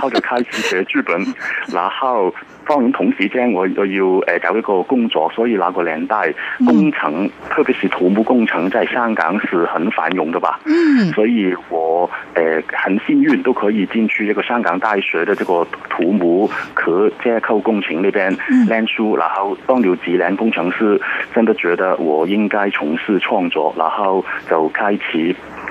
後就開始寫劇本，然後當然同時間我我要誒找一個工作，所以那個年代工程，嗯、特別是土木工程，在香港是很繁榮的吧。嗯，所以我誒、呃、很幸運都可以進去呢個香港大學的這個土木和結構工程那邊念、嗯、書，然後當了幾年工程師，真的覺得我應該從事創作，然後就開始。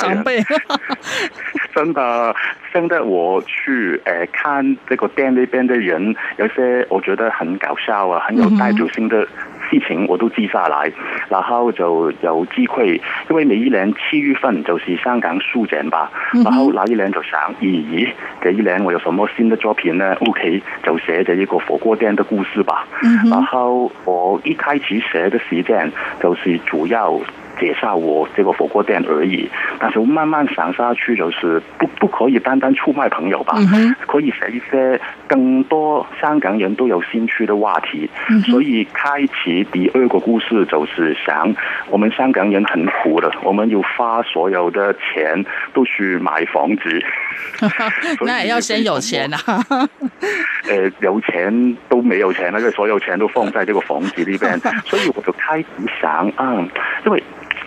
傷悲，真的，現在我去誒、呃，看這個店那邊的人，有些我覺得很搞笑啊，很有代表性的事情、嗯、我都記下來，然後就有機會，因為每一年七月份就是香港書展吧、嗯，然後那一年就想，咦，這一年我有什麼新的作品呢？OK，就寫咗一個火鍋店的故事吧、嗯，然後我一開始寫的時間就是主要。寫下我這個火鍋店而已，但是我慢慢想下去，就是不不可以單單出賣朋友吧、嗯，可以寫一些更多香港人都有興趣的話題。嗯、所以開始第二個故事就是想，我們香港人很苦的，我們要花所有的錢都去買房子， 那也要先有錢啊、呃、有錢都沒有錢，因為所有錢都放在這個房子裏邊，所以我就開始想、嗯，因為。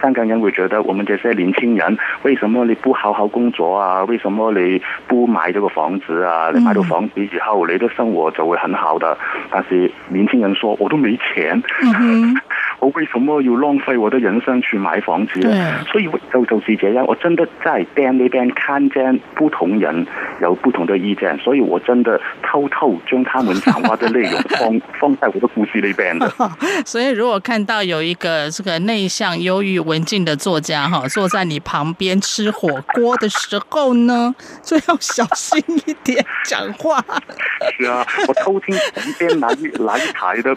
香港人會覺得我們這些年輕人，為什麼你不好好工作啊？為什麼你不買這個房子啊？你買到房子以後，你的生活就會很好的。但是年輕人說我都沒錢。Mm-hmm. 我為什麼要浪費我的人生去買房子呢？啊、所以我就就是這樣，我真的在店那邊看見不同人有不同的意見，所以我真的偷偷將他們講話的內容放 放在我的故事裏邊的、啊。所以如果看到有一個這個內向、憂鬱、文靜的作家，哈，坐在你旁邊吃火鍋的時候呢，就要小心一點講話。是啊，我偷聽旁邊哪一哪一台的。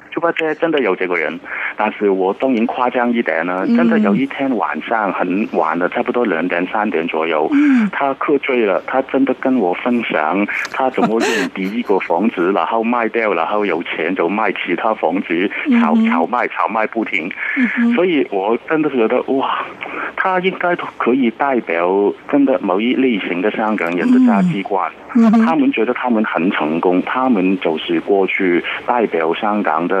就不知真的有這個人，但是我當然誇張一點啦。真的有一天晚上很晚了，差不多兩點三點左右，他喝醉了，他真的跟我分享，他怎麼用第一個房子，然後賣掉，然後有錢就賣其他房子，炒炒賣炒賣不停。所以，我真的是覺得，哇，他應該可以代表真的某一類型的香港人的價值觀。他們覺得他們很成功，他們就是過去代表香港的。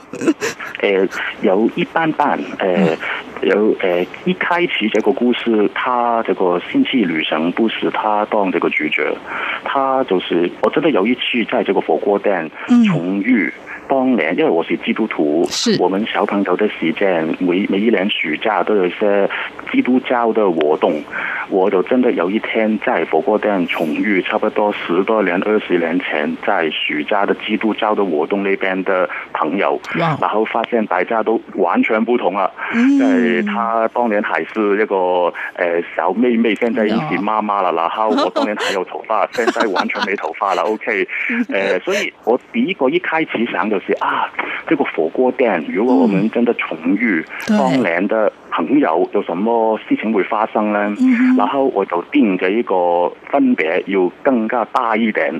誒、 哎，有一般般，誒、哎，有誒、哎，一開始這個故事，他這個星際旅程不是他當這個主角，他就是，我真的有一次在這個火鍋店重遇、嗯、當年，因為我是基督徒，是我們小朋友的時間，每每一年暑假都有一些基督教的活動，我就真的有一天在火鍋店重遇，差不多十多年、二十年前，在暑假的基督教的活動那邊的朋友。然後發現大家都完全不同了，即係他當年還是一個誒、呃、小妹妹，現在已經媽媽了、嗯、然後我當年還有頭髮， 現在完全沒頭髮了 OK，誒，所以我第一個一開始想就是啊，這個火鍋店如果我們真的重遇、嗯，當年的朋友有什麼事情會發生呢、嗯？然後我就定咗一個分別要更加大一點。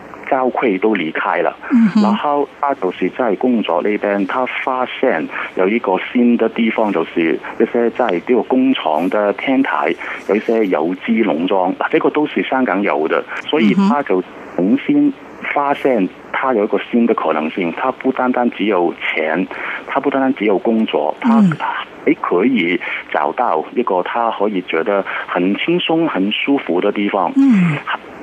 郊區都離開了，嗯、然後他就是真係工作呢邊，他發現有呢個新的地方，就是一些真係呢個工廠的天台，有一些有機農莊，這個都是香港有嘅，所以他就重新發現，他有一個新的可能性，他不單單只有錢，他不單單只有工作，他可以找到一個他可以覺得很輕鬆、很舒服的地方。嗯嗯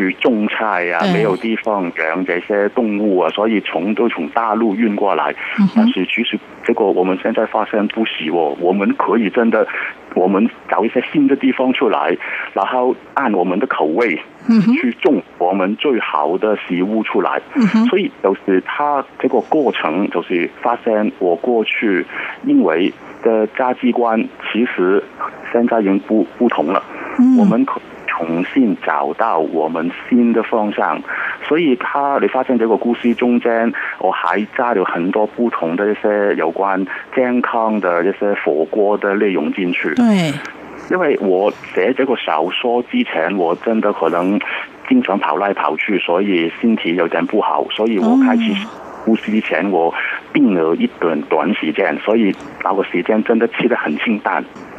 去種菜啊，沒有地方養這些動物啊，所以從都從大陸運過來。嗯、但是其實，這個我們現在發現不喜我，我們可以真的，我們找一些新的地方出來，然後按我們的口味去種我們最好的食物出來。嗯、所以就是，它這個過程就是發現我過去，因為的價值觀其實現在已經不不同了、嗯。我們可。重新找到我們新的方向，所以他你發現這個故事中間，我還加了很多不同的一些有關健康的一些火鍋的內容進去。對，因為我寫這個小說之前，我真的可能經常跑來跑去，所以身體有點不好，所以我開始呼吸之前我病了一段短時間，所以那個時間真的吃得很清淡。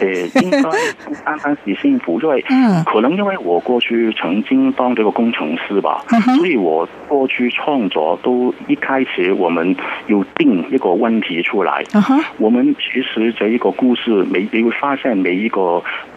誒， 應該剛開始幸福，因為可能因為我過去曾經當這個工程師吧，所以我過去創作都一開始，我們有定一個問題出來，我們其實這一個故事沒，每你會發現每一個。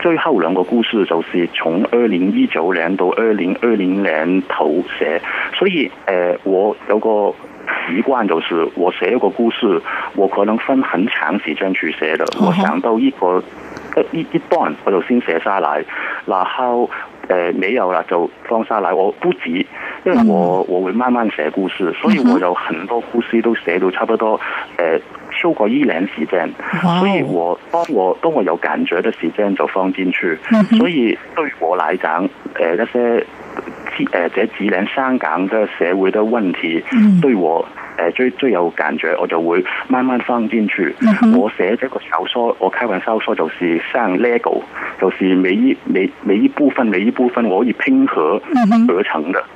最後兩個故事就是從二零一九年到二零二零年頭寫，所以誒我有個習慣就是我寫一個故事，我可能分很長時間去寫的，我想到一個一一段我就先寫下來，然後誒，沒有啦就放下來，我不急，因為我我會慢慢寫故事，所以我有很多故事都寫到差不多誒。多過一年時間，wow，所以我當我當我有感覺的時間就放進去，mm -hmm. 所以對我來講，誒、呃、一些，誒呢幾年香港的社會的問題，mm -hmm. 對我誒、呃、最最有感覺，我就會慢慢放進去。Mm -hmm. 我寫這個小說，我開玩笑說就是上 Lego，就是每一每每一部分每一部分我可以拼合而成的。Mm -hmm.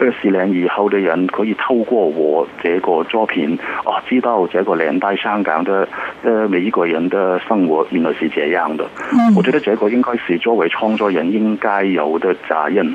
二十年以後的人可以透過我這個作品，哦，知道這個年代香港的，呃、每一個人的生活原來是這樣的、嗯。我覺得這個應該是作為創作人應該有的責任。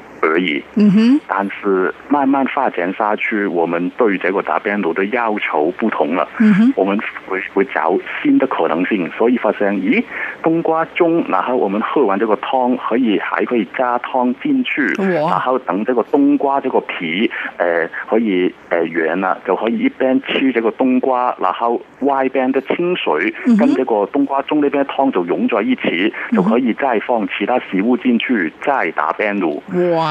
可以，嗯哼，但是慢慢發展下去，我們對這個打邊爐的要求不同了。我們會會找新的可能性，所以發生咦冬瓜盅，然後我們喝完這個湯，可以還可以加湯進去。然後等這個冬瓜這個皮，誒、呃、可以誒軟啦，就可以一邊切這個冬瓜，然後外邊的清水跟這個冬瓜盅呢邊湯就融在一起、嗯，就可以再放其他食物進去再打邊爐。哇！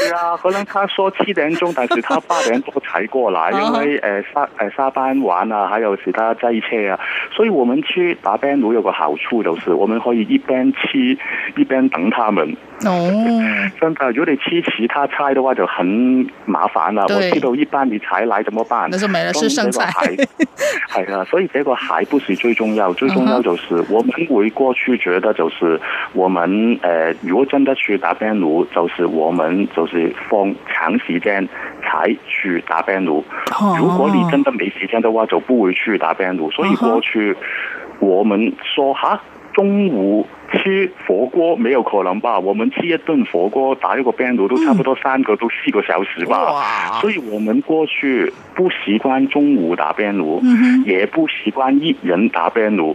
係啊，可能他說七點鐘，但是他八點多踩過來，因為、 呃沙，呃、沙班玩啊，還有其他擠車啊，所以我們去打邊爐有個好處，就是我們可以一邊吃一邊等他們。哦、oh. ，真的如果你吃其他菜嘅話就很麻煩了、啊、我知道一般你踩來怎麼辦？那就沒了，是剩菜。係啊，所以這個還不是最重要，最重要就是我們會過去覺得就是我們、呃、如果真的去打邊爐，就是我們就是。放長時間才去打邊爐，如果你真的沒時間的話，就不會去打邊爐。所以過去我們說哈中午吃火鍋沒有可能吧？我們吃一頓火鍋打一個邊爐都差不多三個到，嗯，四個小時吧。所以我們過去不習慣中午打邊爐，嗯，也不習慣一人打邊爐。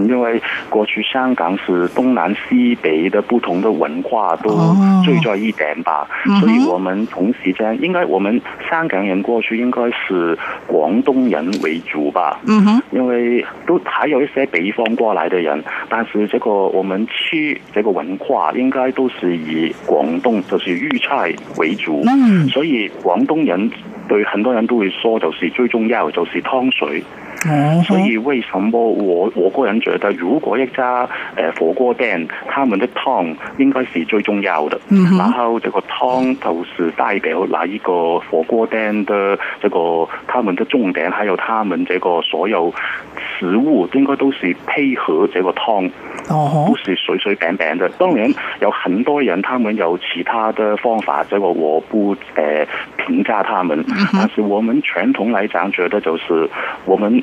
因為過去香港是東南西北的不同的文化都聚在一點吧，所以我們同時間應該我們香港人過去應該是廣東人為主吧。嗯哼，因為都還有一些北方過來的人，但是這個我們吃這個文化應該都是以廣東就是粵菜為主，所以廣東人對很多人都會說就是最重要就是湯水。Uh -huh. 所以，為什麼我我個人覺得，如果一家、呃、火鍋店，他們的湯應該是最重要的。Uh -huh. 然後這個湯就是代表那一個火鍋店的這個他們的重點，還有他們這個所有食物應該都是配合這個湯，哦、uh -huh.，都是水水餅餅的。當然有很多人，他們有其他的方法，這個我不誒、呃、評價他們，uh -huh. 但是我們傳統嚟講，覺得就是我們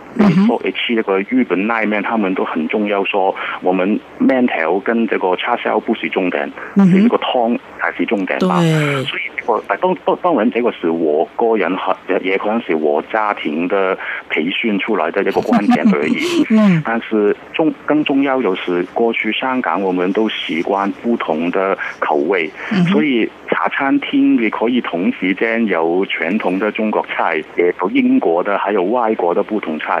說而吃一個日本拉麵，他們都很重要。說我們麵條跟這個叉燒不是重點，呢、嗯這個湯才是重點。嗯、啊、所以、這個當當當然，這個是我個人，也可能是我家庭的培訓出來的一個關鍵而已 嗯，但是重更重要就是過去香港我們都習慣不同的口味，嗯、所以茶餐廳你可以同時間有傳統的中國菜，也有英國的，還有外國的不同菜。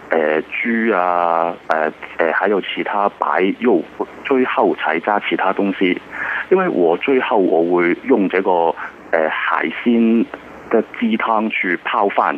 誒、呃、豬啊，誒、呃、誒，還有其他白肉，最後才加其他東西。因為我最後我會用這個誒、呃、海鮮的雞湯去泡飯。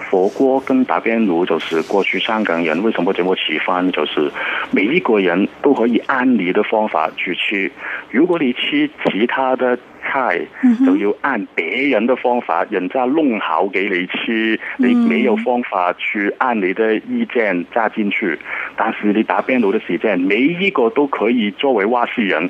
火鍋跟打邊爐就是過去香港人為什麼這麼喜歡，就是每一個人都可以按你的方法去吃，如果你吃其他的菜，mm -hmm. 就要按別人的方法，人家弄好俾你吃，你沒有方法去按你的意見加進去。但是你打邊爐的時間，每一個都可以作為話事人。